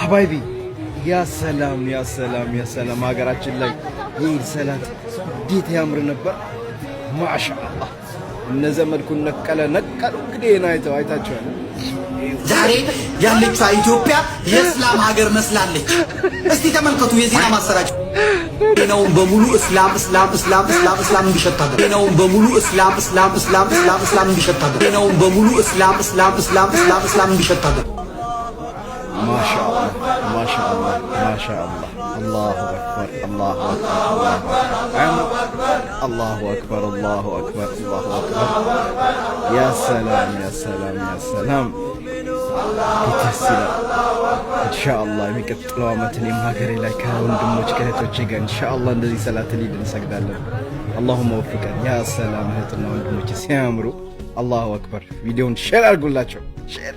ሀባይቢ ያሰላም ያሰላም ያሰላም። ሀገራችን ላይ የኢድ ሰላት እንዴት ያምር ነበር። ማሻአላ እነዘመድኩን ነቀለ ነቀሉ። እንግዲህ ይህን አይተው አይታችኋል። ዛሬ ያለችዋ ኢትዮጵያ የእስላም ሀገር መስላለች። እስቲ ተመልከቱ የዜና ማሰራጭ ዜናውን በሙሉ እስላም እስላም እስላም እስላም እስላም እንዲሸት ሀገር በሙሉ እስላም እስላም እስላም እስላም እስላም እንዲሸት ሀገር በሙሉ እስላም እስላም እስላም እስላም እስላም እንዲሸት ማሻአላህ ማሻአላህ አላሁ አክበር አላሁ አክበር አላሁ አክበር አላሁ አክበር አላሁ አክበር ሰላም ሰላም ያ የሚቀጥለው ዓመት እኔም ሀገሬ ላይ ከወንድሞች ከእህቶች ጋር ኢንሻአላህ እንደዚህ ሰላት ሊድ እንሰግዳለን። አላሁመ ወፍቀን። ያ እህትና ወንድሞች ሲያምሩ። አላሁ አክበር። ቪዲዮውን ሼር አድርጉላቸው ሼር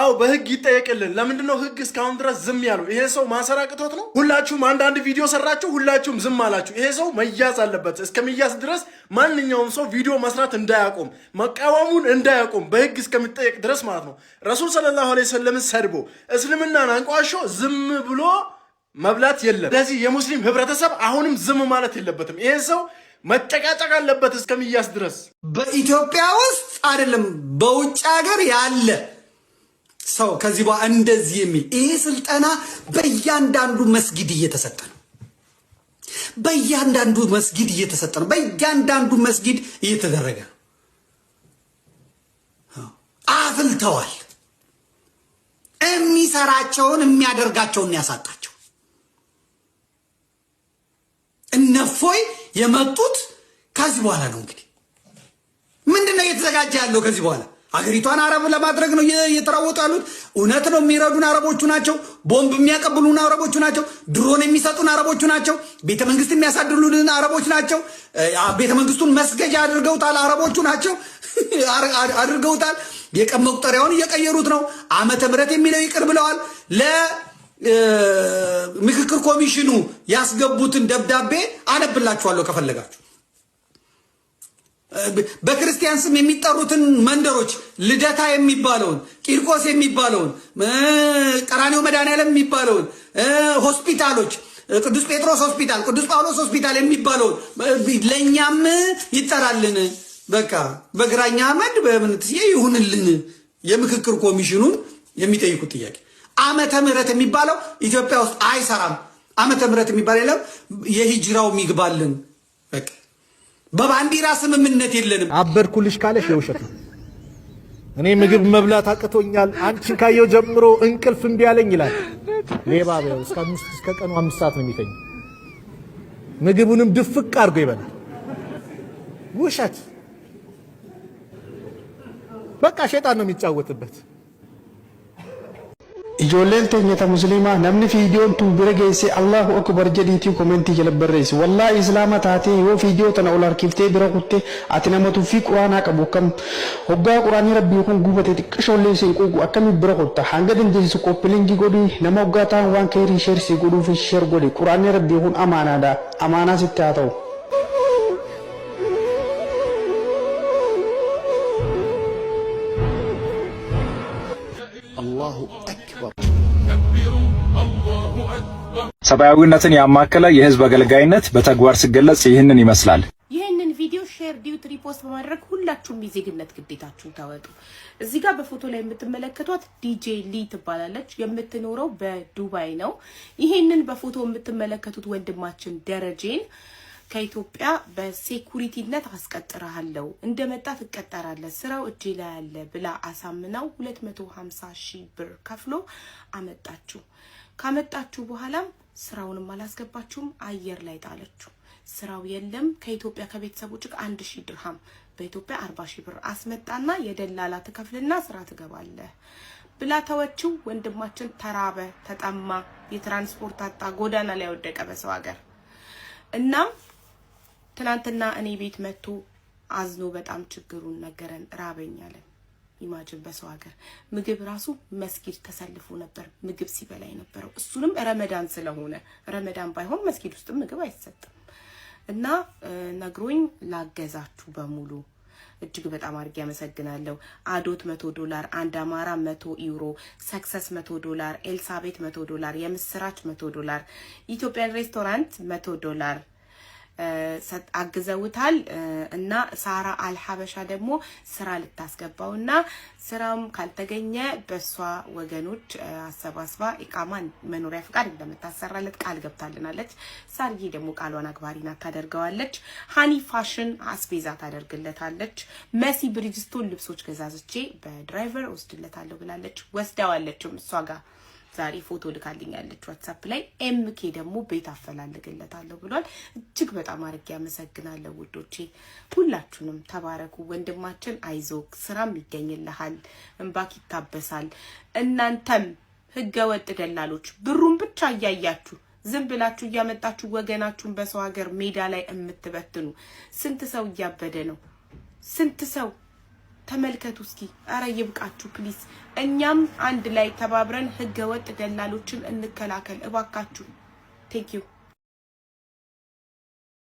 አዎ በህግ ይጠየቅልን። ለምንድን ነው ህግ እስካሁን ድረስ ዝም ያለው? ይሄ ሰው ማሰር አቅቶት ነው? ሁላችሁም አንዳንድ ቪዲዮ ሰራችሁ፣ ሁላችሁም ዝም አላችሁ። ይሄ ሰው መያዝ አለበት። እስከሚያዝ ድረስ ማንኛውም ሰው ቪዲዮ መስራት እንዳያቆም፣ መቃወሙን እንዳያቆም በህግ እስከሚጠየቅ ድረስ ማለት ነው። ረሱል ሰለላሁ ዐለይሂ ወሰለምን ሰድቦ እስልምናን አንቋሾ ዝም ብሎ መብላት የለም። ስለዚህ የሙስሊም ህብረተሰብ አሁንም ዝም ማለት የለበትም። ይሄ ሰው መጨቃጨቅ አለበት እስከሚያዝ ድረስ። በኢትዮጵያ ውስጥ አይደለም በውጭ ሀገር ያለ ሰው ከዚህ በኋላ እንደዚህ የሚል ይህ ስልጠና በእያንዳንዱ መስጊድ እየተሰጠ ነው። በእያንዳንዱ መስጊድ እየተሰጠ ነው። በእያንዳንዱ መስጊድ እየተደረገ ነው። አፍልተዋል። የሚሰራቸውን የሚያደርጋቸውን ያሳጣቸው። እነፎይ የመጡት ከዚህ በኋላ ነው። እንግዲህ ምንድን ነው እየተዘጋጀ ያለው ከዚህ በኋላ አገሪቷን አረብ ለማድረግ ነው እየተራወጡ ያሉት። እውነት ነው። የሚረዱን አረቦቹ ናቸው። ቦምብ የሚያቀብሉን አረቦቹ ናቸው። ድሮን የሚሰጡን አረቦቹ ናቸው። ቤተ መንግስት የሚያሳድሉልን አረቦች ናቸው። ቤተ መንግስቱን መስገጃ አድርገውታል አረቦቹ ናቸው አድርገውታል። የቀን መቁጠሪያውን እየቀየሩት ነው። ዓመተ ምሕረት የሚለው ይቅር ብለዋል። ለምክክር ኮሚሽኑ ያስገቡትን ደብዳቤ አነብላችኋለሁ ከፈለጋችሁ። በክርስቲያን ስም የሚጠሩትን መንደሮች ልደታ የሚባለውን ቂርቆስ የሚባለውን ቀራኒው መድኃኔዓለም የሚባለውን ሆስፒታሎች ቅዱስ ጴጥሮስ ሆስፒታል፣ ቅዱስ ጳውሎስ ሆስፒታል የሚባለውን ለእኛም ይጠራልን። በቃ በግራኛ አመድ በምነት ይሁንልን። የምክክር ኮሚሽኑን የሚጠይቁት ጥያቄ ዓመተ ምሕረት የሚባለው ኢትዮጵያ ውስጥ አይሰራም። ዓመተ ምሕረት የሚባለው የለም። የሂጅራው ሚግባልን በቃ በባንዲራ ስምምነት የለንም። አበድኩልሽ ካለሽ የውሸት ነው። እኔ ምግብ መብላት አቅቶኛል አንቺን ካየው ጀምሮ እንቅልፍ እምቢ አለኝ ይላል። ሌባ ቢያው እስከ አምስት እስከ ቀኑ አምስት ሰዓት ነው የሚተኝ። ምግቡንም ድፍቅ አድርጎ ይበላል። ውሸት በቃ ሸጣን ነው የሚጫወትበት። ijoolleen teenyata musliimaa namni fiidiyoon tun bira geesse Allahu akbar jedhiitii komentii jala barreessi. Wallaa islaama taatee yoo fiidiyoo tana ol harkiftee bira kutte ati nama tuffii quraanaa qabu kam hoggaa quraanii rabbii kun gubate xiqqishoollee siin quuqu akkamiin bira kutta hanga dandeessu qoppiliingii godhi nama hoggaa ta'an waan keerii sheersii godhuuf sheer godhi quraanii rabbi yookaan amaanaadha amaanaa sitti haa ta'u. አላሁ አክበር ሰብአዊነትን ያማከለ የህዝብ አገልጋይነት በተግባር ሲገለጽ ይህንን ይመስላል። ይህንን ቪዲዮ ሼር፣ ዲዩት፣ ሪፖስት በማድረግ ሁላችሁም የዜግነት ግዴታችሁን ተወጡ። እዚህ ጋር በፎቶ ላይ የምትመለከቷት ዲጄ ሊ ትባላለች። የምትኖረው በዱባይ ነው። ይህንን በፎቶ የምትመለከቱት ወንድማችን ደረጄን ከኢትዮጵያ በሴኩሪቲነት አስቀጥረሃለሁ እንደመጣ ትቀጠራለህ፣ ስራው እጅ ላይ ያለ ብላ አሳምናው 250 ሺህ ብር ከፍሎ አመጣችሁ። ካመጣችሁ በኋላም ስራውንም አላስገባችሁም፣ አየር ላይ ጣለችሁ። ስራው የለም። ከኢትዮጵያ ከቤተሰቦች ጋር አንድ ሺህ ድርሃም በኢትዮጵያ አርባ ሺህ ብር አስመጣና የደላላ ትከፍልና ስራ ትገባለህ ብላ ተወችው። ወንድማችን ተራበ፣ ተጠማ፣ የትራንስፖርት አጣ፣ ጎዳና ላይ ወደቀ በሰው ሀገር እናም ትናንትና እኔ ቤት መጥቶ አዝኖ በጣም ችግሩን ነገረን። ራበኝ አለን። ኢማጅን በሰው ሀገር ምግብ ራሱ መስጊድ ተሰልፎ ነበር ምግብ ሲበላ የነበረው እሱንም ረመዳን ስለሆነ ረመዳን ባይሆን መስጊድ ውስጥም ምግብ አይሰጥም። እና ነግሮኝ ላገዛችሁ በሙሉ እጅግ በጣም አድርጌ አመሰግናለሁ። አዶት መቶ ዶላር፣ አንድ አማራ መቶ ዩሮ፣ ሰክሰስ መቶ ዶላር፣ ኤልሳቤት መቶ ዶላር፣ የምስራች መቶ ዶላር፣ ኢትዮጵያን ሬስቶራንት መቶ ዶላር አግዘውታል እና ሳራ አልሀበሻ ደግሞ ስራ ልታስገባው እና ስራም ካልተገኘ በእሷ ወገኖች አሰባስባ ኢቃማ መኖሪያ ፍቃድ እንደምታሰራለት ቃል ገብታልናለች። ሳርዬ ደግሞ ቃሏን አግባሪ ናት፣ ታደርገዋለች። ሀኒ ፋሽን አስቤዛ ታደርግለታለች። መሲ ብሪጅስቶን ልብሶች ገዛዝቼ በድራይቨር ወስድለታለሁ ብላለች፣ ወስዳዋለችም እሷ ጋር ዛሬ ፎቶ ልካልኛለች ዋትሳፕ ላይ። ኤምኬ ደግሞ ቤት አፈላልግለታለሁ ብሏል። እጅግ በጣም አድርጌ ያመሰግናለሁ ውዶቼ፣ ሁላችሁንም ተባረኩ። ወንድማችን አይዞክ፣ ስራም ይገኝልሃል፣ እንባክ ይታበሳል። እናንተም ህገ ወጥ ደላሎች ብሩን ብቻ እያያችሁ ዝም ብላችሁ እያመጣችሁ ወገናችሁን በሰው ሀገር ሜዳ ላይ የምትበትኑ ስንት ሰው እያበደ ነው? ስንት ሰው ተመልከቱ እስኪ። አረ ይብቃችሁ ፕሊስ። እኛም አንድ ላይ ተባብረን ህገወጥ ደላሎችን እንከላከል እባካችሁ። ዩ